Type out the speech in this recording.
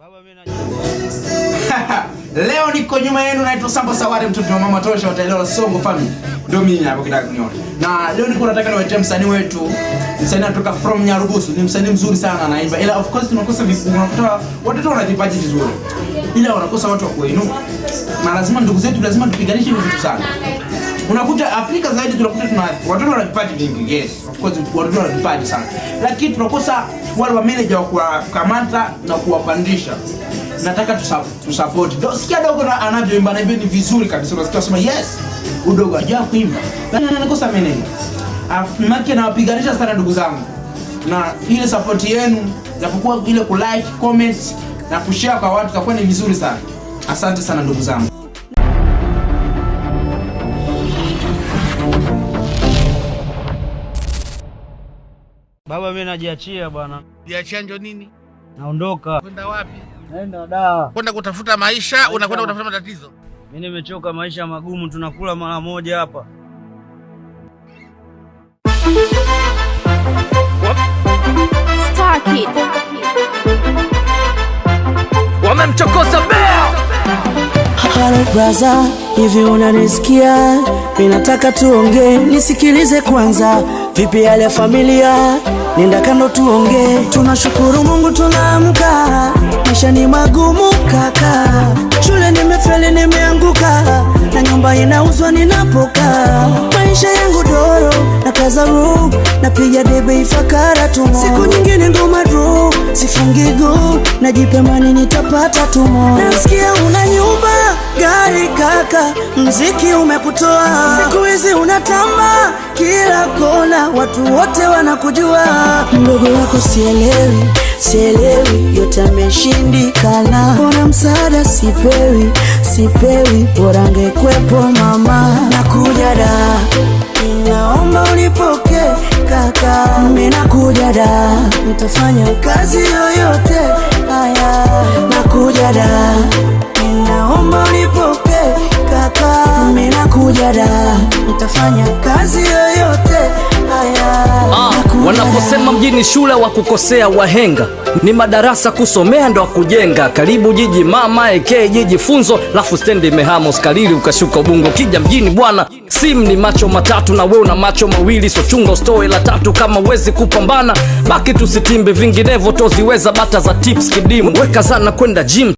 Leo niko nyuma yenu, naitwa Sambo Sawari, mtoto wa mama tosha, utaelewa Songo family ndio mimi hapo kitaka kuniona. Na leo niko nataka niwete msanii wetu, msanii anatoka from Nyarugusu, ni msanii mzuri sana anaimba, ila of course tunakosa vipu, unakuta watoto wana vipaji vizuri, ila wanakosa watu wa kuinua, na lazima ndugu zetu, lazima tupiganishe vitu sana unakuta Afrika zaidi tunakuta tuna watoto wana vipaji vingi, yes of course, watoto wana vipaji sana, lakini tunakosa wale wa manager wa kuwakamata na kuwapandisha. Nataka tusupport. Sikia dogo na anavyoimba na hivyo ni vizuri kabisa, unasikia sema yes, udogo ajua kuimba, lakini anakosa manager. Afimaki anawapiganisha sana ndugu zangu, na ile support yenu napokuwa ile ku like, comment na kushare kwa watu itakuwa ni vizuri sana. Asante sana ndugu zangu. Baba, mimi najiachia bwana. Jiachia ndio nini? Naondoka. Kwenda wapi? Naenda daa. Kwenda kutafuta maisha, maisha. Unakwenda kutafuta matatizo. Mimi nimechoka maisha magumu, tunakula mara moja hapa. Wamemchokoza Bea. Hello brother, hivi unanisikia? minataka tuonge nisikilize kwanza. Vipi hali familia? Nenda kando tuonge Tunashukuru Mungu tunaamka, maisha ni magumu kaka, shule nimefeli, nime nyumba inauzwa ninapoka Maisha yangu doro na kaza na piga debe ifakara tumo, siku nyingine ngoma dru na go nitapata tumo. Nasikia una nyumba gari kaka, mziki umekutoa siku hizi unatamba kila kona, watu wote wanakujua. Mdogo wako sielewi, sielewi yote ameshindikana bila msaada sipewi, sipewi, bora ngekwepo mama. Nakuja da, ninaomba ulipoke kaka, mimi nakuja da, nitafanya kazi yoyote haya. Nakuja da, ninaomba ulipoke kaka, mimi nakuja da, nitafanya kazi yoyote haya Wanaposema mjini shule wa kukosea wahenga, ni madarasa kusomea ndo kujenga. Karibu jiji mama eke jiji funzo, lafu stendi imehama uskalili ukashuka Ubungo. Kija mjini bwana, simu ni macho matatu na we una macho mawili, so chunga ustoe la tatu. Kama uwezi kupambana baki tusitimbe, vinginevyo toziweza bata za tips kidimu. Weka zana kwenda gym